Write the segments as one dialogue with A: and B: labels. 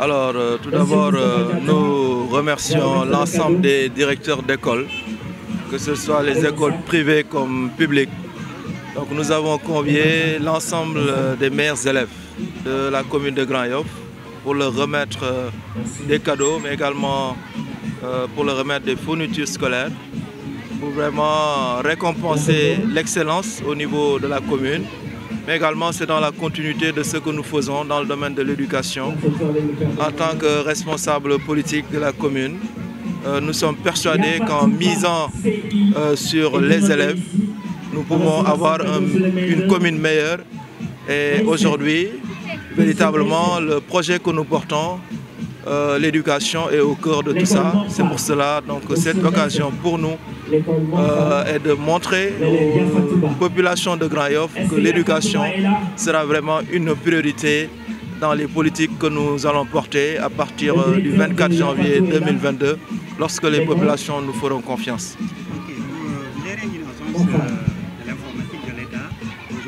A: Alors, euh, tout d'abord, euh, nous remercions l'ensemble des directeurs d'écoles, que ce soit les écoles privées comme publiques. Donc, nous avons convié l'ensemble euh, des meilleurs élèves de la commune de grand pour leur remettre euh, des cadeaux, mais également euh, pour leur remettre des fournitures scolaires, pour vraiment récompenser l'excellence au niveau de la commune. Mais également, c'est dans la continuité de ce que nous faisons dans le domaine de l'éducation. En tant que responsable politique de la commune, euh, nous sommes persuadés qu'en misant sur les élèves, nous pouvons avoir une commune meilleure. Et aujourd'hui, véritablement le projet que nous portons, euh, l'éducation est au cœur de tout ça. C'est pour cela que cette occasion pour nous euh, est de montrer aux populations de Grand que l'éducation sera vraiment une priorité dans les politiques que nous allons porter à partir euh, du 24 janvier 2022 lorsque les populations nous feront confiance.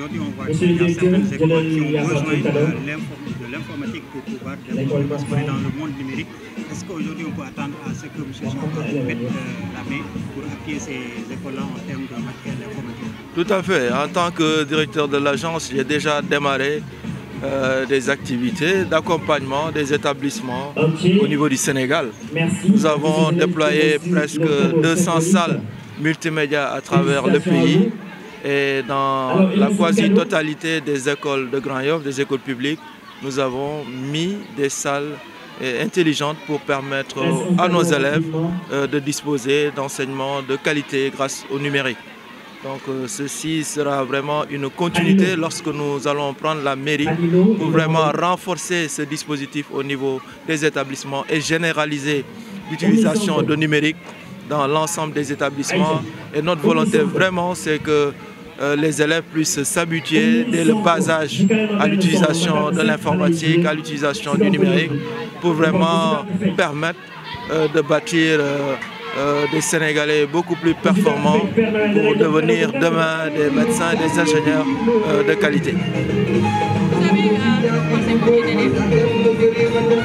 A: Aujourd'hui, on voit qu'il y certaines écoles qui ont besoin de l'informatique pour pouvoir dans le monde numérique. Est-ce qu'aujourd'hui, on peut attendre à ce que M. Jean mette euh, la main pour appuyer ces écoles-là en termes de matériel informatique Tout à fait. En tant que directeur de l'agence, j'ai déjà démarré euh, des activités d'accompagnement des établissements au niveau du Sénégal. Nous avons déployé presque 200 salles multimédia à travers le pays. Et dans la quasi-totalité des écoles de Grand Yoff, des écoles publiques, nous avons mis des salles eh, intelligentes pour permettre à nos élèves euh, de disposer d'enseignements de qualité grâce au numérique. Donc euh, ceci sera vraiment une continuité lorsque nous allons prendre la mairie pour vraiment renforcer ce dispositif au niveau des établissements et généraliser l'utilisation de numérique dans l'ensemble des établissements. Et notre volonté vraiment, c'est que euh, les élèves puissent s'habituer dès le passage à l'utilisation de l'informatique, à l'utilisation du numérique, pour vraiment permettre euh, de bâtir euh, des Sénégalais beaucoup plus performants pour devenir demain des médecins et des ingénieurs de qualité.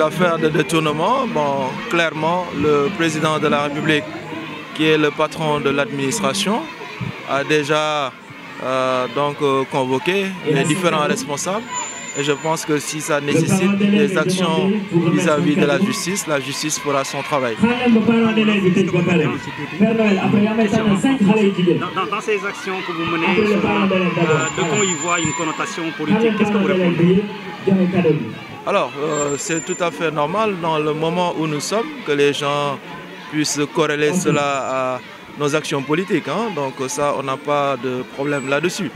A: affaires de détournement, bon, clairement, le président de la République, qui est le patron de l'administration, a déjà euh, donc euh, convoqué les différents responsables. Et je pense que si ça nécessite des actions vis-à-vis de la justice, la justice fera son travail. Dans, ces actions que vous menez, euh, de quoi y voit une connotation politique Qu'est-ce que vous répondez alors, euh, c'est tout à fait normal dans le moment où nous sommes que les gens puissent corréler cela à nos actions politiques. Hein. Donc ça, on n'a pas de problème là-dessus.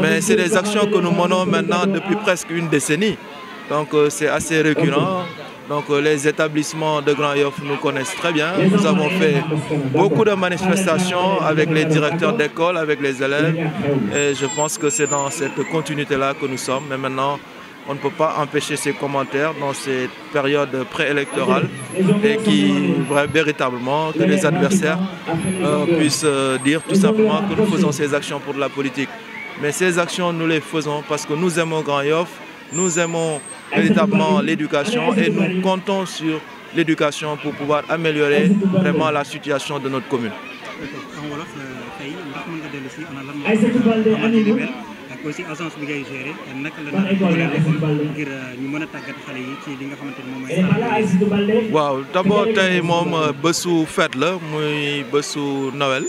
A: Mais c'est des actions que nous menons maintenant depuis presque une décennie. Donc euh, c'est assez récurrent. Donc euh, les établissements de Grand Yoff nous connaissent très bien. Nous avons fait beaucoup de manifestations avec les directeurs d'école, avec les élèves. Et je pense que c'est dans cette continuité-là que nous sommes. Mais maintenant, on ne peut pas empêcher ces commentaires dans cette période préélectorale et qui véritablement que les adversaires euh, puissent euh, dire tout simplement que nous faisons ces actions pour de la politique. Mais ces actions, nous les faisons parce que nous aimons Grand Yoff, nous aimons véritablement l'éducation et nous comptons sur l'éducation pour pouvoir améliorer vraiment la situation de notre commune. aussi agence bi ngay géré nak la ngir ñu mëna tagat xalé yi ci li nga xamanteni mom moy waaw d'abord tay mom bëssu fête la muy bëssu noël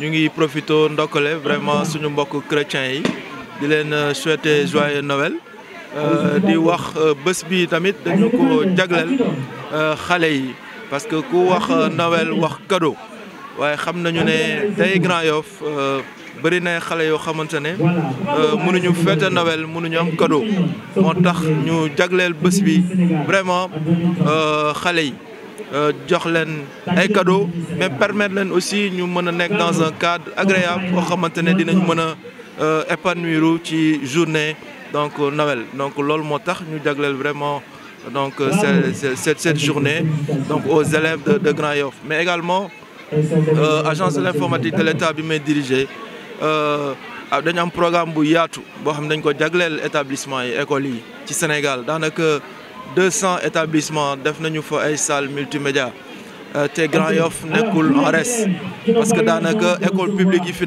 A: ñu ngi profito ndokolé vraiment suñu mbokk chrétien yi di leen souhaiter joyeux noël di wax eh, bëss bi tamit dañu ko jaglal xalé yi parce que ku wax eh, noël wax cadeau waaye xam nañu ne tey Grand Yoff euh, bëri na xale yoo xamante ne euh, mënuñu fête Noël mënuñu am cadeau moo tax ñu jagleel bi vraiment euh, xale yi jox leen ay cadeau mais permettre aussi ñu mën dans un cadre agréable boo xamante ne dinañ mën a épanouir ci journée donc Noël donc loolu moo tax ñu jagleel vraiment donc cette cette journée donc aux élèves de Grand Yoff mais également euh, agence de l'informatique de l'état bi dirigé. Euh, ah, dañu un programme pour les établissements xam dañ ko établissement école écoles au Sénégal Dans 200 établissements def nañu fa ay salle multimédia euh, te Grand Yoff sont en reste parce que dans école publique yi fi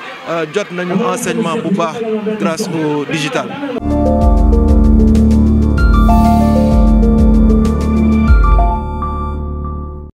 A: Euh, jot nañu enseignement bu baax grâce au digital